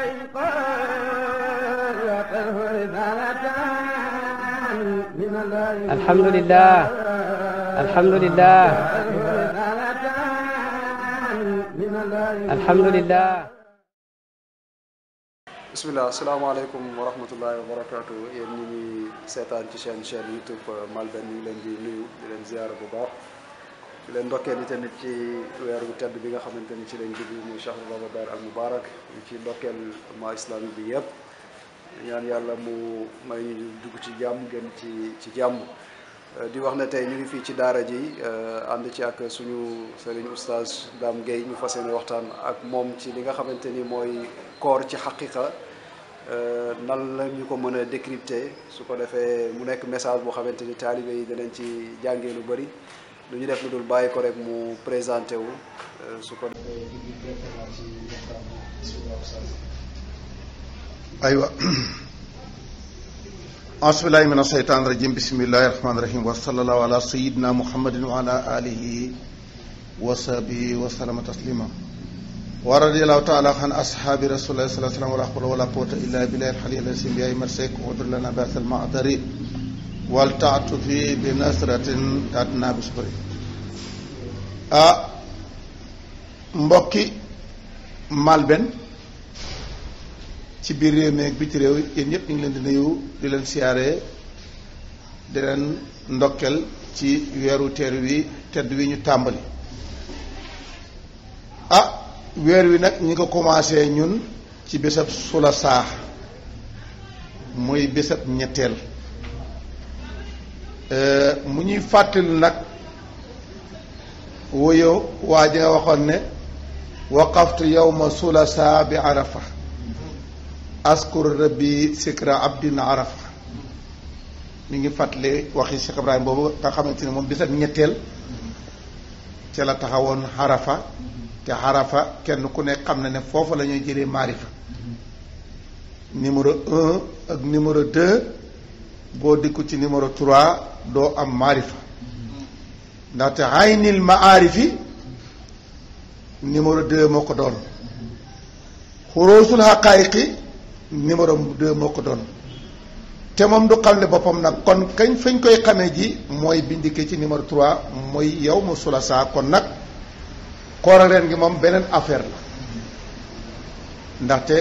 alhamdulilah alhamdulilah alhamdulilah bisimilah asalaamaaleykum wa rahmatullahi wa barakaatu yéen ñi ñuy seetaan ci seen chaîne YouTube Malben ñu ngi leen di nuyu di leen ziyaara bu baax di leen ndokkee ni tamit ci weer wu tedd bi nga xamante ni ci lañ jublu muy shahru ramadan al mubarak ci ndokkeel ma islamique bi yëpp ñaan yàlla mu may ñu dugg ci jàmm gën ci ci jàmm euh, di wax na tey ñu ngi fii ci daara ji euh, ànd ci ak suñu sëriñ oustaz Dame Gueye ñu fa yéene waxtaan ak moom ci li nga xamante ni mooy koor ci xaqiqa euh, nan la ñu ko mën a décrypter su ko defee mu nekk message boo xamante ni taalibe yi danañ ci jàngee lu bari du ñu def lu dul bàyyi ko rek mu présenté wu euh, su ko aywa asbilahi min asheytan rajim bismillahi rahmani rahim wa sallallahu ala sayidina muhammadin wa ala alihi wa sahbihi wa sallama taslima wa radiallahu taala an ashabi rasulillahi sallallahu alayhi wa sallam wala hawla wala quwwata illa billahi alhali alasim bi ay marsek udur lana ba'sal ma'dari wal ta'tufi bi nasratin tatna bisbari ah mbokki Malben ci biir réew mi ak réew yéen ñëpp ñu ngi leen di nuyu di leen siyaare di leen ndokkel ci weeru teer wi tedd wi ñu tàmbali ah weer wi nag ñi ko commencé ñun ci bésab sula saax muy bésab ñetteel euh, mu ñuy fàttali nag wuyoo waa ji nga waxoon ne waqaftu ma sulasa bi arafa askur rabbi sikra abdin arafa mi ngi fàttali waxi Cheikh Ibrahima boobu nga xamante ne moom bisab ñetteel ca la taxawoon arafa te xarafa kenn ku ne xam na ne foofu lañuy ñuy jëlee maarifa numéro un ak numéro deux boo dikku ci numéro trois doo am maarifa ndaxte aynil maarifi numéro deux moo ko doon xuróosul xaqaayiqi numéro deux moo ko doon te moom du xam ne boppam nag kon kañ fañ koy xamee ji mooy bindikee ci numéro trois mooy yow mu sulasaa kon nag koor ak ren gi moom beneen affaire la ndaxte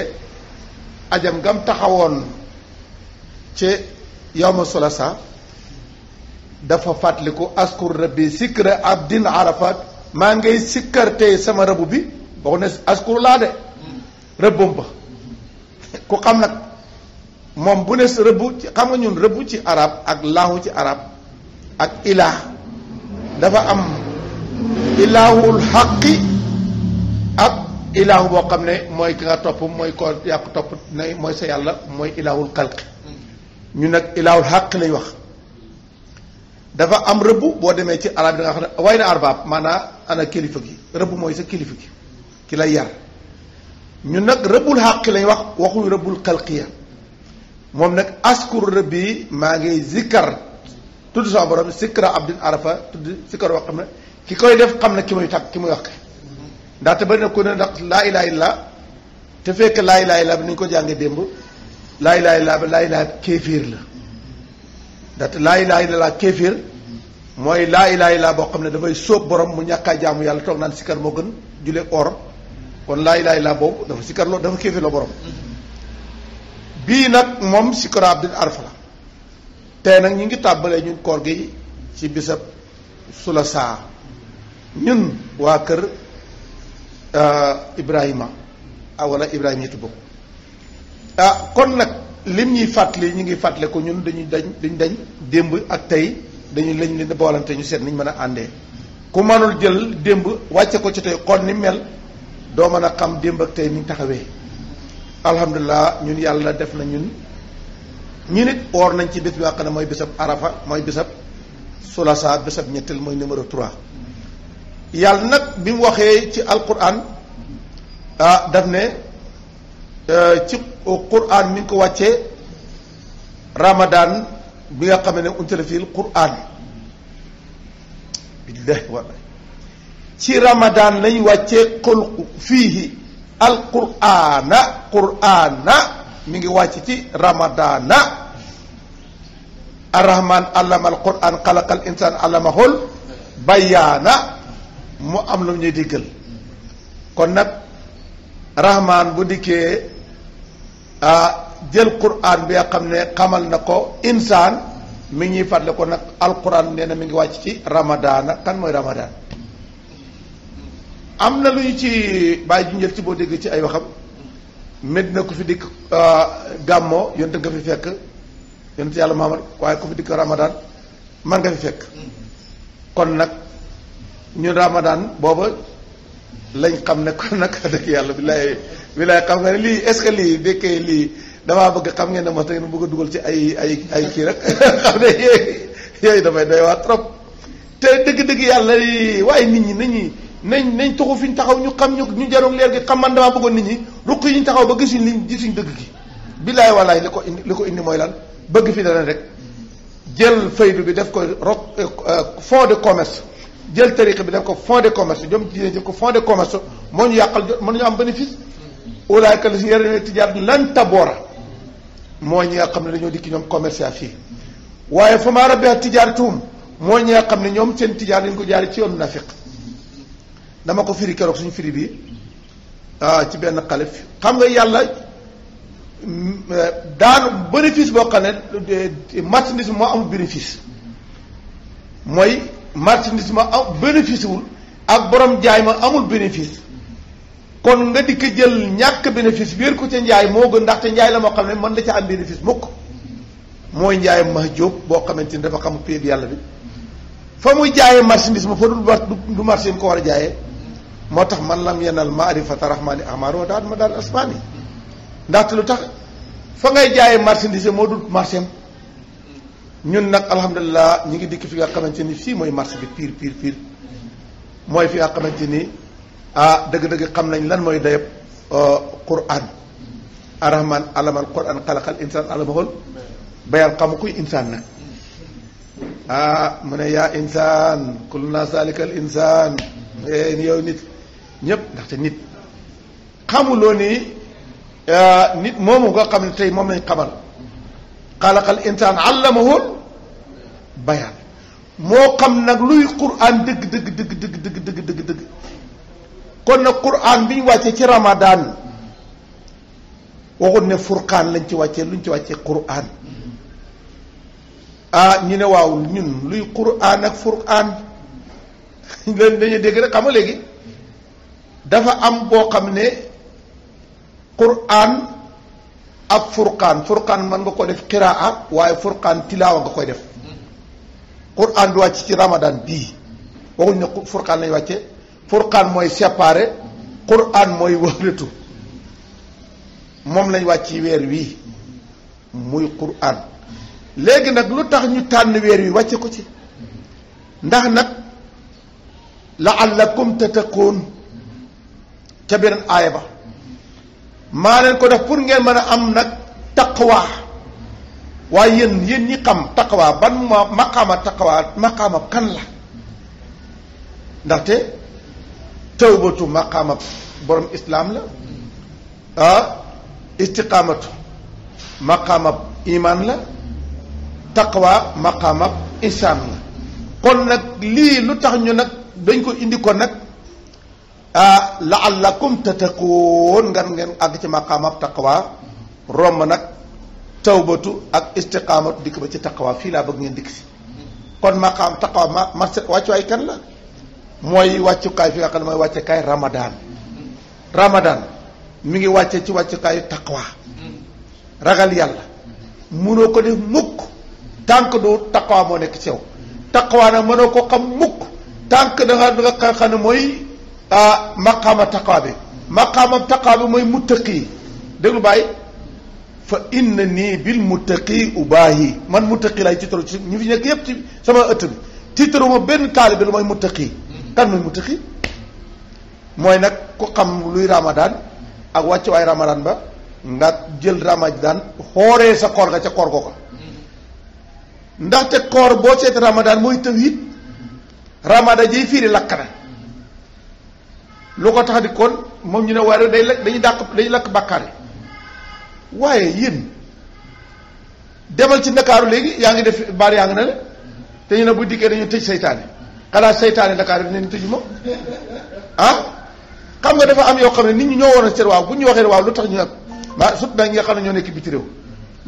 ajam gam taxawoon ci yow ma sulasaa dafa fàttaliku askur rabbi ab dina arafat maa ngay sikkartee sama rëbb bi boo ne askur laa de rëbbam ba ku xam nag moom bu ne rëbb ci xam nga ñun rëbb ci arab ak laahu ci arab ak ilaah dafa am ilaahul xaqi ak ilaahu boo xam ne mooy ki nga topp mooy ko yàq mooy sa yàlla mooy ilaahul xalqi nag ilaahul xaqi lay wax dafa am rëbb boo demee ci arab bi da xam ne way na arbaab maanaa ana kilifa gi rëbb mooy sa kilifa gi ki lay yar ñun nag rëbbul xàqi lañ wax waxul rëbbul xalqiya moom nag askur rëbb yi maa ngi zikkar tudd sama borom sikra abdin arafa tudd sikkar wax xam ne ki koy def xam na ki muy tàgg ki muy wax ndaxte bari na ku ne ndax laa ilaha illa te fekk laa ilaha illa bi ko jàngee démb laa ilaha illa bi laa la ndaxte laa ilaha illa kéefir mooy laa ilaha illa boo xam ne dafay sóob borom mu ñàkkaa jaamu yàlla toog naan sikkar moo gën julee or kon laa ilaha illa boobu dafa sikkar loo dafa kéefe loo borom bii nag moom sikkaru abdil arfa la tey nag ñu ngi tàmbalee ñun koor gi ci bisab sula saa ñun waa kër euh, ibrahima ah wala ibrahima yitu bokk ah kon nag lim ñuy fàttali ñu ngi fàttale ko ñun dañuy dañ dañ dañ démb ak tey dañu lañ leen boolante ñu seet niñ mën a àndee ku mënul jël démb wàcce ko ci tey xool ni mel doo mën a xam démb ak tey niñ taxawee alhamdulilah ñun yàlla def na ñun ñu nit woor nañ ci bés bi wax ne mooy bésab arafa mooy bésab sulasa bésab ñetteel mooy numéro 3 yàlla nag bi mu waxee ci alquran ah daf ne euh, ci quran mi ngi ko wàccee ramadan bi nga xam ne untila fil quraan billahi wallahi ci ramadan lañ wàccee qul fiihi al quraana quraana mi ngi wàcc ci ramadana arrahman allama al quran xalaqa al insaan allamahul bayaana mu am lu ñuy diggal kon nag rahman bu dikkee ah jël quraan bi nga xam ne xamal na ko insaan mi ñuy fàttali ko nag alquran nee na mi ngi wàcc ci ramadaana kan mooy ramadaan am na lu ñu ci bàyyi junjël ci boo dégg ci ay waxam mét na ku fi dikk euh, gàmmoo yonte nga fi fekk yonte yàlla mahamad waaye ku fi dikk ramadaan man nga fi fekk kon nag ñun ramadaan booba lañ xam ne kon nag dëgg yàlla bilaay bilaay xam nga ne lii est-ce que lii lii damaa bëgg xam ngeen ne mos bëgg dugal ci ay ay ay kii rek xam ne yooyu yooyu dafay doy waa trop te dëgg-dëgg yàlla waaye nit ñi nañu nañ nañ taxu fi ñu taxaw ñu xam ñu ñu jaroog leer gi xam man dama bëggoon nit ñi ruq yi ñu taxaw ba gisuñ liñ gisuñ dëgg gi billaay wallaay li ko indi li ko indi mooy lan bëgg fi dara rek jël faydu bi def ko ro eh, eh, fond de commerce jël tariqa bi def ko fond de commerce ñoom jigéen jël ko fond de commerce moo ñu yàqal jot mën ñu am bénéfice ulaayka la si lan taboora moo ñi nga xam ne dañoo dikki ñoom commercial fii waaye fa maa rabbihat tijaaratuhum mooy moo nga xam ne ñoom seen tijaar dañ ko jaari ci yoonu nafiq dama ko firi keroog suñu firi bii ah ci benn xalif xam nga yàlla mm, daan bénéfice boo xam ne eh, marchandise moo amul bénéfice mooy marchandise moo am bénéfice wul ak borom jaay ma amul bénéfice kon nga dikk ko jël ñàkk bénéfice wéer ko ca njaay moo gën ndaxte njaay la moo xam ne mën na ca am bénéfice mukk mooy njaay mahjoob boo xamante ni dafa xam péeb yàlla bi fa muy jaayee marchandise ma fa du du marché ko war a jaayee moo tax man lam yenal maarifata rahmaani amaaro daal ma daal asmaani ndaxte lu tax foo ngay jaayee marchandise moo dul marché am ñun nag alhamdulilah ñu ngi dikk fi nga xamante ni fii mooy marché bi piir pire pire mooy fi nga xamante ah dëgg-dëgg xam nañ lan mooy dayab euh, Qur'an arrahman alamal Qur'an xalaqal insaan alamaxool bayaan xamu kuy insaan nag ah mu ne yaa insaan kul naa saalikal insaan ni yow nit ñépp ndaxte nit xamuloo ni ah, nit moomu nga xam ne tey moom lañ xamal xalaqal insaan allamahul bayaan moo xam nag luy Qur'an dëgg dëgg dëgg dëgg dëgg dëgg dëgg kon nag quraan bi ñu wàccee ci ramadaan waxut ne furqaan lañ ci wàccee luñ ci wàccee quraan ah ñu ne waaw ñun luy quraan ak furqaan leen dañuy dégg rek xam nga léegi dafa am boo xam ne quraan ak furqaan furqaan mën nga ko def qiraa waaye furqaan nga ko def mm. quraan bi wàcc ci ramadaan bii waxuñ ne furqaan lañ wàcce furqaan mooy séparé quraan mooy wëhlatu moom lañ wàcc weer wii muy quraan léegi nag lu tax ñu tànn weer wi wàcce ko ci ndax nag la'allakum tattaqoon ca beneen aaya ba maa leen ko def pour ngeen mën a am nag taqwa waaye yéen yéen ñi xam taqwa ban ma maqaama taqwa maqaama kan la ndaxte tawbatu maqaama borom islaam la ah istiqaamatu maqaama imaan la taqwa maqaama insaan la kon nag lii lu tax ñu nag dañ ko indi ko nag ah laallakum tattaquun ngan ngeen àgg ci maqaama taqwa romb nag tawbatu ak istiqaamatu dikk ba ci taqwa fii laa bëgg ngeen dikk si kon maqaam taqwa ma ma wàccuwaay kan la. mooy wàccukaay fi nga xam ne mooy wàccukaay Ramadan Ramadan mi ngi wàcce ci wàccukaayu taqwa ragal yàlla mënoo ko def mukk tànk du taqwa moo nekk ci yow taqwa nag mënoo ko xam mukk tànk da nga da nga xam ne mooy ah, maqaama taqwa bi maqaamam taqwa bi mooy muttaqi déglu bàyyi fa inna nii bil muttaqi ubaahi man muttaqi lay tiitaru ci ñu fi nekk yépp ci sama ëtt bi tiitaru ma benn taalibe lu mooy muttaqi kan mooy mu tëxi mooy nag ku xam luy ramadaan ak wàccu waay ramadaan ba nga jël ramadaan xooree sa koor ga ca koor ko ndaxte koor boo seet ramadaan mooy tëw it ramadaan jiy fiiri lakk na lu ko tax di kon moom ñu ne waaye day lakk dañuy dàq dañu lakk bàkkaar waaye yéen demal ci ndakaaru léegi yaa ngi def baar yaa ngi ne la te ñu ne bu diggee dañu tëj seytaane xalaat seytaane Dakar bi neen tëju ma ah xam nga dafa am yoo xam ne nit ñi ñoo waroon seet waaw bu ñu waxee waaw lu tax ñu nag maa surtout nag ñi nga xam ne ñoo nekk biti réew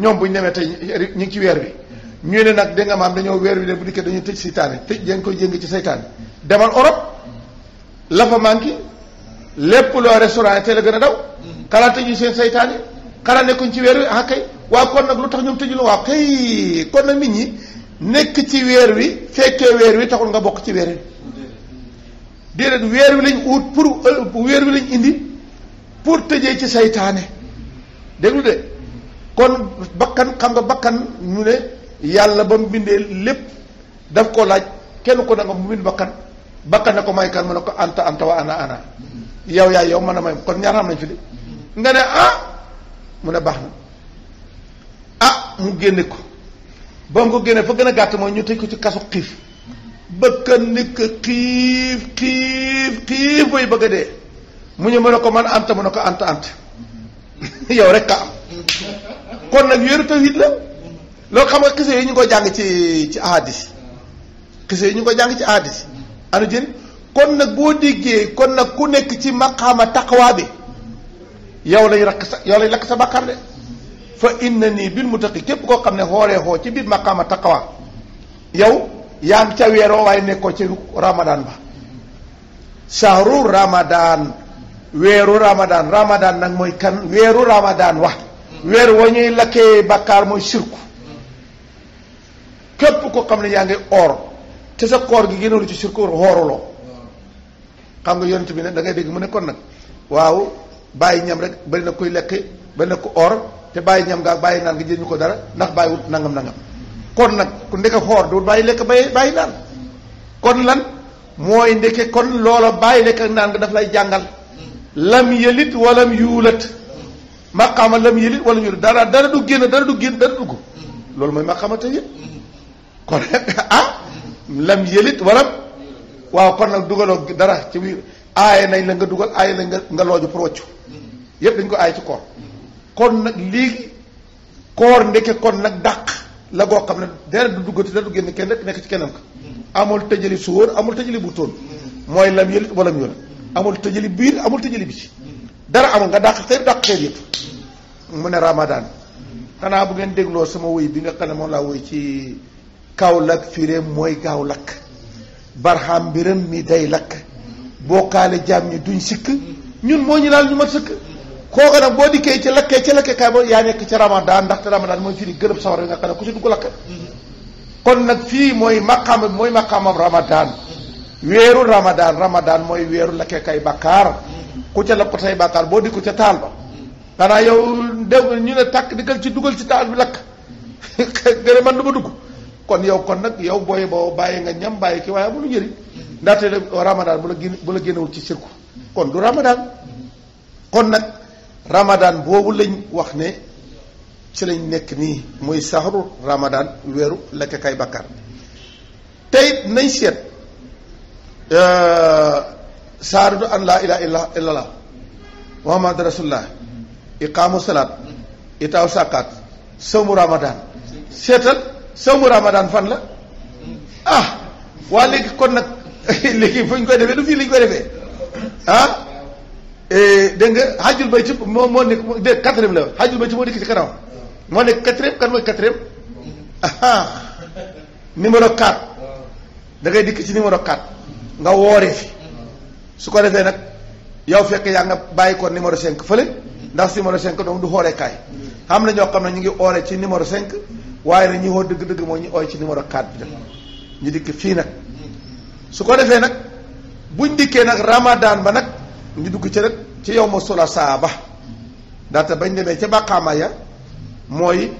ñoom bu ñu demee tey ñu ngi ci weer bi ñu ne nag dégg nga maam dañoo weer bi de bu dikkee dañuy tëj seytaane tëj dañ koy jéng ci seytaane demal Europe la fa manqué lépp loo restaurant yi tey la gën a daw xalaat tëju seen seytaane xalaat nekkuñ ci weer wi ah kay waaw kon nag lu tax ñoom tëju la waaw kay kon nag nit ñi nekk ci weer wi fekkee weer wi taxul nga bokk ci weer wi déedéet weer wi lañ ut pour weer wi lañ indi pour tëjee ci seytaane déglu de kon bakkan xam nga bakkan ñu ne yàlla ba mu bindee lépp daf ko laaj kenn ko da nga mu bind bakkan bakkan ne ko may kan mu ne ko anta anta wa ana ana yow yaay yow mën a may kon ñaar am nañ fi de nga ne ah mu ne baax na ah mu génne ko ba mu ko génnee fa gën a gàtt mooy ñu tëj ko ci kasu xiif bëkkan ni ko xiif xiif xiif bay bëgg a dee mu ñu mën a ko man ant mën a ko ant ant yow rek ka am kon nag wéeru tawhid la loolu xam nga xise yi ñu ko jàng ci ci ahadis xise yi ñu ko jàng ci ahadis anu jëriñ kon nag boo déggee kon nag ku nekk ci maqaama taqwa bi yow lañ rakk sa yow lay lakk sa bàkkaar de fa na nii bil mu taqi képp koo xam ne xooree xoo ci biir maqaama taqawa yow yaa ngi ca weeroo waaye nekkoo ci ramadan ba sahru ramadan weeru ramadan ramadan nag mooy kan weeru ramadan wax weer wa lakkee bàkkaar mooy sirku képp koo xam ne yaa ngi oor te sa koor gi génnalu ci sirku xooruloo xam nga yonent bi ne dangay dégg mu nekkoon kon nag waaw bàyyi ñam rek bari koy lekk bari ko or te bàyyi ñam nga bàyyi naan nga jël ñu ko dara ndax bàyyi wut nangam nangam kon nag ku ndeke xoor du bàyyi lekk bay bàyyi naan kon lan mooy ndeke kon loola bàyyi lekk ak naan nga daf lay jàngal lam yëlit walam yuulat maqaama lam yëlit walam yuulat du génn dara du génn dara dugg loolu mooy maqaama tëye kon ah, lam yëlit walam waaw kon nag dugaloo dara ci biir aaye nañ la nga dugal aaye nañ nga nga looju pour waccu yépp dañ ko aaye ci koor kon nag lii koor ndeke kon nag dàq la goo xam ne dara du duggati dara du génn kenn rek nekk ci keneen ka amul tëjali suwóor amul tëjali bu mooy lam yëlit wala mu yël amul tëjali biir amul tëjali bi ci dara amul nga dàq xeet dàq xeet yëpp mu ne ramadan xanaa bu ngeen dégloo sama woy bi nga xam ne moom laa woy ci kaw lakk firéem mooy gaaw lakk barxam mbiram mi day lakk bokkaale jaam ñi duñ sikk ñun moo ñu laal ñu ma sëkk koo kooka nag boo dikkee ci lakkee ci lakkee kaay boo yaa nekk ci ramadan ndaxte ramadan mooy firi gërëb sawar bi nga xam ne ku si dugg lakk kon nag fii mooy maqaama bi mooy maqaamam ramadan weeru ramadan ramadan mooy weeru lakkee kay bakkaar ku ca lakk say bàkkaar boo dikku ca taal ba xanaa yow dew ñu ne takk di dikkal ci dugal ci taal bi lakk gërëm man du ma dugg kon yow kon nag yow booy boo bàyyi nga ñam bàyyi ki waaye amul njëriñ ndaxte ramadan bu la génn bu la génnewul ci sirku kon du ramadan kon nag ramadaan boobu lañ wax ne ci lañ nekk nii muy saxaru ramadan weeru lekk kay bakkaar tey nañ seet euh, saaradu an laa ilaha illa illallah muhammad rasulullah iqaamu salaat itaaw sàkkaat sawmu ramadan seetal sawmu ramadan fan la ah waa léegi kon nag léegi fu ñu koy defee du fii lañ koy defee ah? Eh, dégg nga xajul ba ci moo moo nekk dégg quatrième la xajul bay ci moo nekk ci kanam moo nekk quatrième kan mooy quatrième aha numéro 4 da ngay dikk ci numéro 4 nga wooree ko defee nag yow fekk yaa nga bàyyi ko numéro 5 fële ndax numéro 5 donc du xooree kaay xam na ñoo xam ne ñu ngi oore ci numéro 5 waaye ni ñi woo dëgg-dëgg moo ñu ooy ci numéro 4 bi ñu dikk fii nag su ko defee nag buñ dikkee nag ramadan ba nag. ñu dugg ci rek ci yow ma sula saaba daata bañ demee ca maqaama ya mooy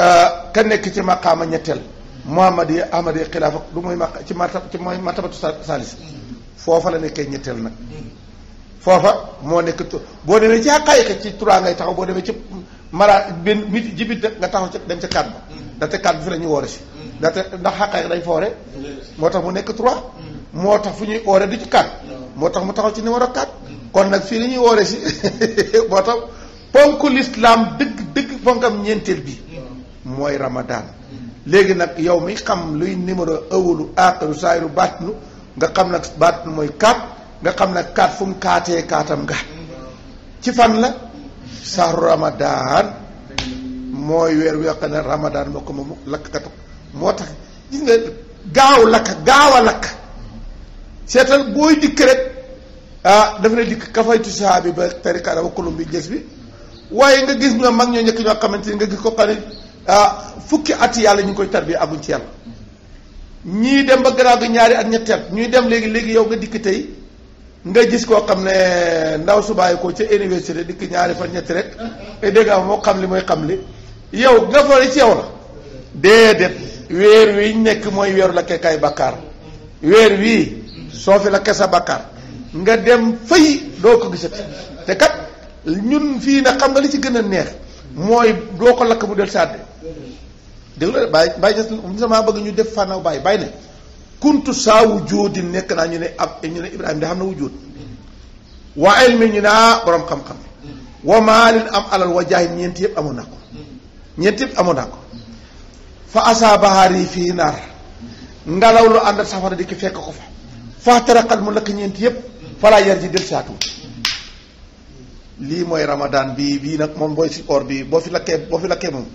euh, ka nekk ci maqaama ñetteel muhammad yi ahmad yi xilaafa lu mooy ma ci martab ci mooy martabatu saalis foofa la nekkee ñetteel nag foofa moo nekk boo demee ci xaqaayiqa ci trois ngay taxaw boo demee ci mara benn mit jibit nga taxaw ci dem ci quatre ba daate quatre bi fi la ñuy woore si daate ndax xaqaayiq dañ foore moo tax mu nekk trois moo tax fu ñuy oore du ci quatre moo tax mu taxaw ci numéro 4 kon nag fii li ñuy woore si moo tax ponk lislaam dëgg dëgg fonkam ñeenteel bi mooy ramadaan léegi nag yow mi xam luy numéro awalu aaxiru saayiru baatinu nga xam nag baat mooy 4 nga xam nag 4 fu kaatee kaatam nga ci fan la saaru ramadaan mooy weer wi ramadaan moo ko moom lakkatu moo tax gis gaaw lakk gaaw a lakk seetal booy dikk rek ah dafa lay dikk kafaytu sahaabi ba tariqa araba kulum bi gës bi waaye nga gis nga mag ñoo ñëkk ñoo xamante ni nga gis ko xam ne ah, fukki at yàlla ñu ngi koy tarbi àgguñ ci yàlla ñii dem ba gannaaw gi ñaari at ñetteel ñuy dem léegi léegi yow nga dikk tey nga gis koo xam ne ndaw su bàyyi ko ca université dikk ñaari fan ñetti rek te dégg nga moo xam li mooy xam li yow nga fari ci yow la déedéet weer wi nekk mooy weeru la kay bakkaar weer soo fi la kese bàkkaar nga dem fay doo ko gisati te kat ñun fii nag xam nga li ci gën a neex mooy doo ko lakk mu del sàdde dégg la bàyyi bàyyi ne sama bëgg ñu def fànnaw bàyyi bàyyi ne kuntu saa wujjóot di nekk naa ñu ne ab ñu ne ibrahima da xam na wujjóot waa ilmi ñu ne ah borom xam-xam wa maalin am alal wa jaay ñeenti yëpp amoon naa ko ñeenti yëpp amoon naa ko fa asaa bahaar yi fii naar ngelaw lu ànd ak safara di ki fekk ko fa faxtaraqal mu lakk ñeent yëpp falaa yar ji del saatu lii mooy ramadaan bii bii nag moom booy si or bii boo fi lakkee boo fi lakkee moom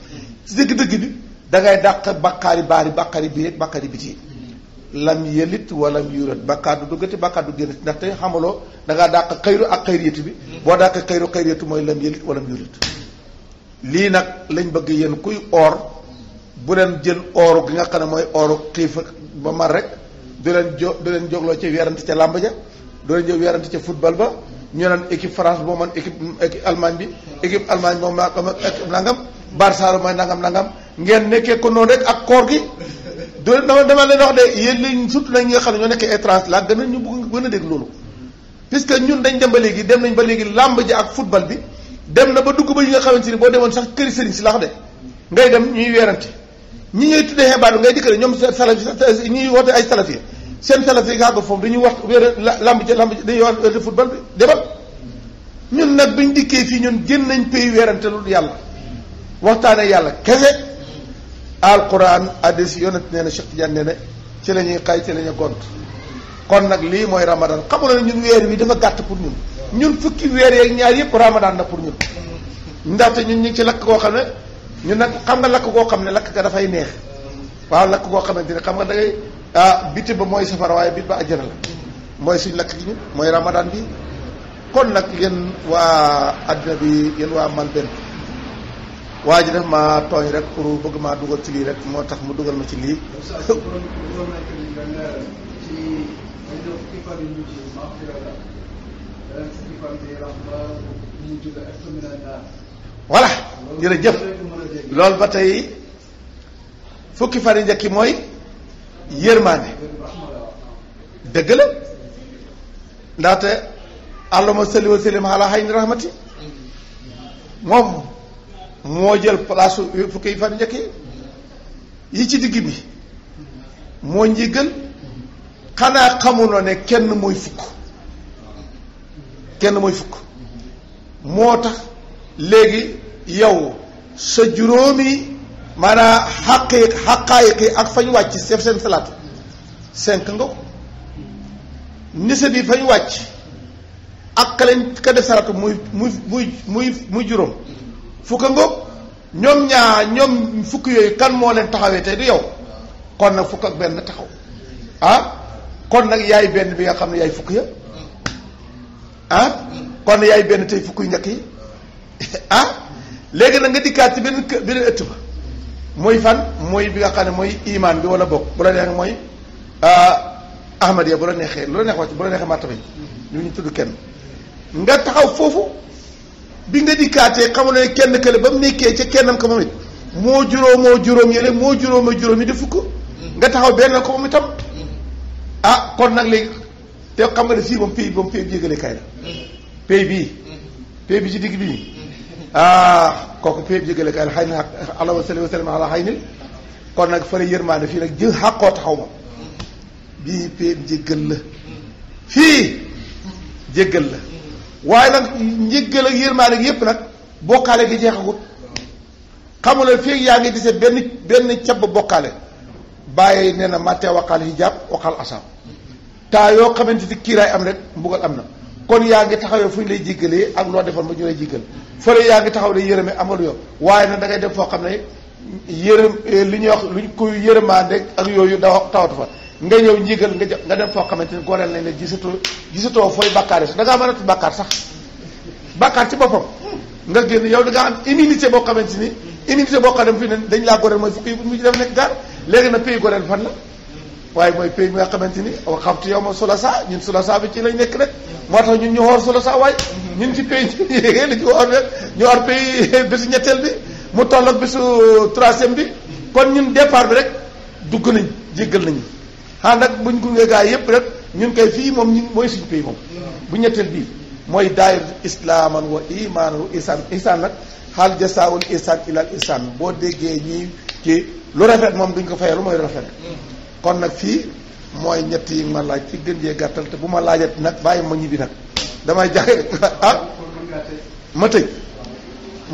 si dëgg-dëgg bi da ngay dàq bàkkaari baari bàkkaari bii rek bàkkaari biti lam yëlit wala lam yurat bàkkaar du duggati bàkkaar du génn ndaxte xamaloo da dàq xëyru ak xëyriyatu bi boo dàq xëyru xëyriyatu mooy lam yëlit wala lam yurat lii nag lañ bëgg yéen kuy or bu leen jël ooru gi nga xam ne mooy ooru xiif ba mar rek du leen jo du leen jógloo ci weerante ca làmb ja du leen jóg weerante ca football ba ñu naan équipe boo man équipe équipe Allemagne bi équipe Allemagne moom maa ko nangam Barça mooy nangam nangam ngeen nekkee ko noonu rek ak koor gi du dama dama leen wax de yéen lañ surtout nag ñi nga xam ne ñoo nekkee étrange la gën a ñu bëgg gën ñun dañ dem ba léegi dem nañ ba léegi làmb ji ak football bi dem na ba dugg ba yi nga xamante ni boo demoon sax këri sëriñ si lax de ngay dem ñuy weerante ñi ñuy tuddee xebaar bi ngay dikkale ñoom salafi ñuy woote ay seen salaf yi nga àgg foofu dañuy wax wéer lamb ci lamb ci dañuy wax heure de football demal ñun nag buñ dikkee fii ñun génn nañ pays weerante yàlla waxtaanee yàlla kese alquran addis yonent nee na Cheikh Tidiane nee na ci la xay ci la ñuy gont kon nag lii mooy ramadan xamuloo ne ñun weer wi dafa gàtt pour ñun ñun fukki weer yeeg ñaar yëpp ramadan na pour ñun ndaxte ñun ñu ci lakk koo xam ne ñu nag xam nga lakk koo xam ne lakk nga dafay neex waaw lakk koo xamante ne xam nga da ah biti ba mooy safara waaye bit ba àjjana la mooy suñ lakk gi ñun mooy ramadan bi kon nag yéen waa àddina bi yéen waa Malben waa ji ma maa tooñ rek pour bëgg maa dugal ci lii rek moo tax mu dugal ma ci lii. voilà jërëjëf lool ba tey fukki fan yi njëkk mooy. yërmaane dëgg ndaxte allahumma salli wa sallim ala hayni rahmati moom moo jël place fukki fan njëkk yi yi ci digg bi moo njëggal xanaa xamuloo ne kenn mooy fukk kenn mooy fukk moo tax léegi yow sa juróomi maanaam xaqi xaqaayiqi ak fañ wàcc seen seen salaat cinq nga ko nise yi fañ wàcc ak ka ka def salaatu muy muy muy muy muy juróom fukka nga ñoom ñaa ñoom fukk yooyu kan moo leen taxawee tey du yow kon nag fukk ak benn taxaw ah kon nag yaay benn bi nga xam ne yaay fukk ya ah kon yaay benn tey fukk yu njëkk yi ah léegi nag nga dikkaat ci benn beneen ëtt ba mooy fan mooy bi nga xam ne mooy imaan bi wala bokk bu la neex mooy ah, ahmadiya bu la neexee lu la neex wàcc bu la neexee martaba yi ñu tudd kenn nga taxaw foofu bi nga dikkaatee xamul ne kenn kële ba mu nekkee ca kennam ko moo it moo juróomoo juróom yële moo juróomoo juróom yi di fukk nga taxaw benn ko moom itam ah kon nag léegi te xam nga ne fii moom pays bi moom pays bi yëgale la mm-hmm. pays bii mm-hmm. pays bi ci digg bii ah kooku fépp jégale kay xay na ala xay nil kon nag fële yërmaande fii nag jë xàqoo taxaw ma bii fépp jéggal la fii jéggal la waaye nag njéggal ak yërmaande gi yépp nag bokkaale gi jeex jeexagut xamula fii yaa ngi gisee benn benn cab bokkaale bàyyi nee na màttee waqal hijab waqal asaab taa yoo xamante ni kiiraay am rek mbugal am na kon yaa ngi taxawee fu ñu lay jéggalee ak loo defoon ba ñu lay jéggal fële yaa ngi taxaw ne yërëme amalu yow waaye nag da ngay dem foo xam ne yërëm eh, li ñuy wax lu ñu luñ koy yërëmaande ak yooyu daw tawatu fa nga ñëw njégal nga jë nga dem foo xamante ni gooleel nañ la gisatoo gisatoo fooy bàkkaar sax da ngaa mënatu bàkkaar sax bàkkaar ci boppam nga génn yow da ngaa am immunité boo xamante ni immunité boo xam ne fi ne dañ laa goreel mooy fukki mu def nekk gaar léegi nag pays goreel fan la waaye mooy pays bi nga xamante ni wa xamtu yow ma sulasa ñun sulasa bi ci lañ nekk rek moo tax ñun ñu xoor sulasa waaye ñun ci pays yéegée li ñu xoor rek ñu xoor pays bisu ñetteel bi mu bi bisu troisième bi kon ñun départ bi rek dugg nañ jéggal nañu xaa nag buñ gunge gaa yëpp rek ñun koy fii moom ñun mooy suñu pays moom bu ñetteel bii mooy daayir islaaman wa imaan wa isaan isaan nag xaal jasaawul isaan ilal isaan boo déggee ñi ci lu rafet moom duñ ko fayal mooy rafet kon nag fii mooy ñett yi ma laaj ci gën jee gàttal te bu ma laajat nag bàyyi ma ñibbi nag damay jaxe ah ma tëj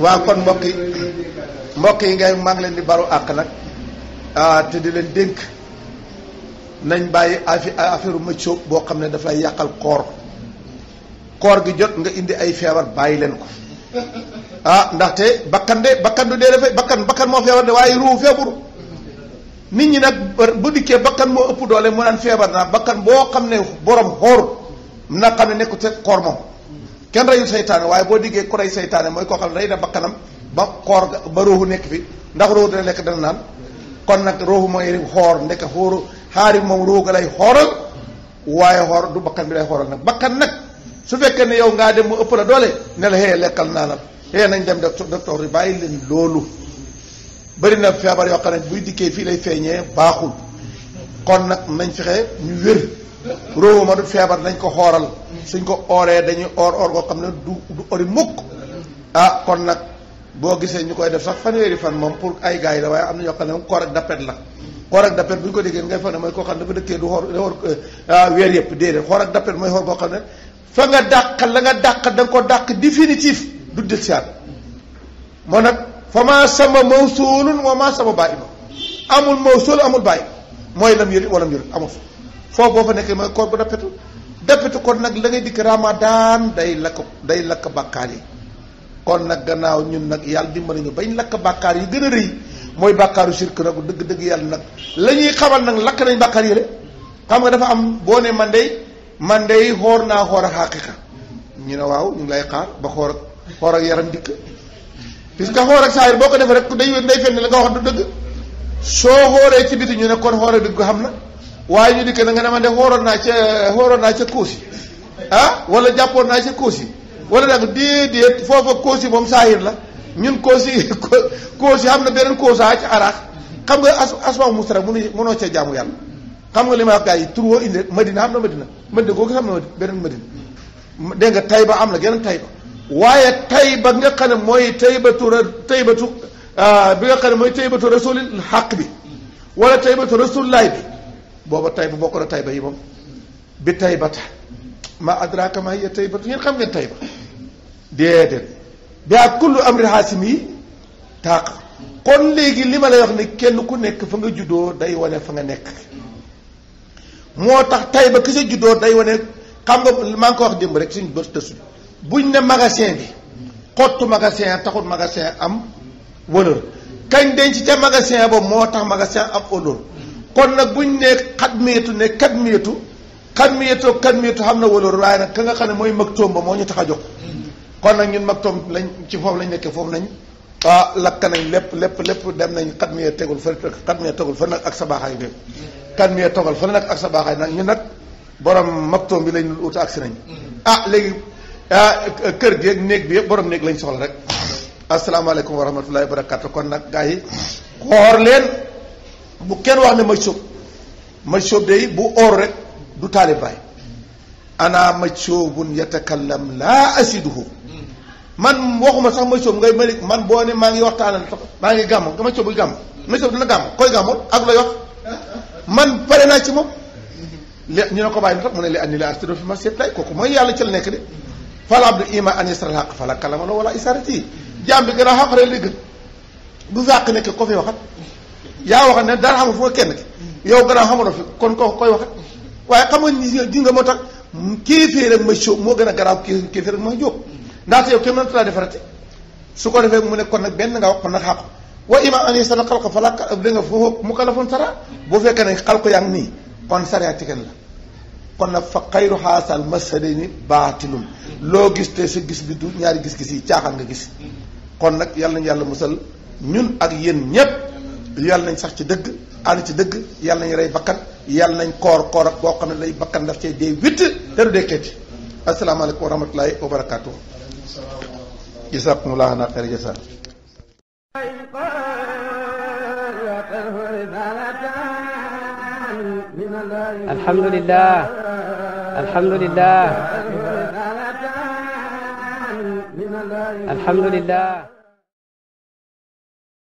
waaw kon mbokk yi yi ngay maa leen di baru àq nag ah te di leen dénk nañ bàyyi affaire affaire mëccoo boo xam ne daf lay yàqal koor koor gi jot nga indi ay feebar bàyyi leen ko ah ndaxte bakkan de bakkan du dee dafay bakkan bakkan moo feebar de waaye ruu feebaru nit ñi nag bu dikkee bakkan moo ëpp doole mu naan feebar naa bakkan boo xam ne borom xoor na xam ne nekku te xoor moom kenn reyul saytaane waaye boo diggee ku rey seytaane mooy koo xam ne rey na bakkanam ba xoor ba róoxu nekk fi ndax róoxu dana lekk dana naan kon nag ma mooy xoor ndekk xóoru xaari moom róoxu ga lay xooral waaye xoor du bakkan bi lay xooral nag bakkan nag su fekkee ne yow ngaa dem mu ëpp la doole ne la xëyee lekkal naanal xëyee nañ dem docteur bi bàyyi leen loolu bëri na feebar yoo xam ne buy dikkee fii lay feeñee baaxul kon nag nañ fexe ñu wér róowu ma du feebar nañ ko xooral suñ ko ooree dañuy oor oor koo xam ne du du ori mukk ah kon nag boo gisee ñu koy def sax fan fanweeri fan moom pour ay gars yi la waaye am na yoo xam ne moom la xoor ak dapet ko déggee ngay mooy koo xam ne dafa dëkkee du xoor xoor euh, ah, weer yëpp déedéet xoor ak dapet mooy xoor koo xam ne fa nga dàq la nga dàq da ko dàq définitif du dël siaat moo nag fa maa sama mawsuulun wa maa sama baa ima amul mawsuul amul baa ima mooy lam yëlit wala mu yëlit amul foofu boo fa nekkee ma mooy koor bu dappetu dappetu kon nag la ngay dikk ramadaan day lakk day lakk bàkkaar yi kon nag gannaaw ñun nag yàlla dimbali ñu bañ lakk bàkkaar yi gën a rëy mooy bàkkaaru sirk nag dëgg dëgg yàlla nag la ñuy xamal nag lakk nañ bàkkaar yële xam nga dafa am boo ne man day man day xoor naa xoor ak xaqiqa ñu ne waaw ñu ngi lay xaar ba xoor ak xoor ak parce que xoor ak saayir boo ko defee rek day day fenn la nga wax du dëgg soo xooree ci biti ñu ne kon xoore dëgg xam na waaye ñu dikk na nga ne man de xooroon naa ca xooroon naa ca kóos yi ah wala jàppoon naa ca kóos yi wala nag déedéet foofa kóos yi moom saayir la ñun kóos yi kóos yi xam na beneen kóosaa ci araax xam nga as asmaa mustara mënu noo ca jaamu yàlla xam nga li ma wax gars yi tur woo indi rek madina am na madina madina googu xam na beneen madina dégg nga Tayba am na geneen Tayba waaye ba nga mooy ne ba taybatu ra taybatu ah, bi nga xam ne mooy taybatu rasulil xaq bi wala taybatu rasulilaay bi booba tayba bokk na tayba yi moom bi taybata ma adraka ma hiya taybatu xam ngeen tayba déedéet daa kullu amri kon léegi li ma la wax ni kenn ku nekk fa nga juddoo day wane fa nga nekk moo tax tayba ki sa juddoo day wane xam nga maa ngi ko wax démb rek suñ bët tësu buñ ne magasin bi xottu magasin taxut magasin am valeur kañ ci ca magasin ba moo tax magasin am valeur kon nag buñ ne xadmiyatu ne kadmiyatu xadmiyatu kadmiyatu xam na valeur waaye nag ka nga xam ne mooy maktoom ba moo ñu tax a jóg kon nag ñun maktoom lañ ci foofu lañ nekkee foofu nañ ah lakk nañ lépp lépp lépp dem nañ xadmiya tegul fa xadmiya tegul fa nag ak sa baaxaay bi xadmiya togal fa nag ak sa baaxaay nag ñun nag borom maktoom bi lañ ut agsi nañ ah léegi ah kër gi ak néeg bi yëpp borom néeg lañ soxla rek asalaamaaleykum wa rahmatullahi wa barakatu kon nag gars yi xoor leen bu kenn wax ne maj sóob bu oor rek du taalib baay ana maj sóobun yatakallam laa asiduhu man waxuma sax maj sóob ngay mari man boo ne maa ngi waxtaanal maa ngi gàmm nga maj sóob buy gàmm maj sóob koy gàmmoon ak lay wax man pare naa ci moom li ñu ne ko bàyyi na tax mu ne li anni la astiro fi ma seet lay kooku mooy yàlla ci la nekk de fal abdu ima an yasra alxaq fala kalama la wala isarati jaam bi gën a xaq rek li gën bu fàq nekk ko fi waxat yaa waxat ne dara xamul foo kenn ki yow gën a xamuloo fi kon koo koy waxat waaye xam nga ji nga moo tax kéeféer ak ma sóob moo gën a garaaw kéeféer ak ma jóob ndaxte yow kenn mënatu laa defarati su ko defee mu ne kon nag benn nga wax kon nag xaq wa ima an yasra alxalq fala da nga foofu mu kalafun sara boo fekkee ne xalq yaa ngi nii kon sariya kenn kon nag fa xayru xaasal masade ni baatinum loo gis te sa gis bi du ñaari gis-gis yi caaxaan nga gis kon nag yàlla nañ yàlla musal ñun ak yéen ñépp yàlla nañ sax ci dëgg ànd ci dëgg yàlla nañ rey bakkan yàlla nañ koor koor ak boo xam ne lay bakkan daf cee dee witt te du dekkeeti asalaamaaleykum wa rahmatulahi wa barakaatu alhamdulillah alhamdulillah alhamdulillah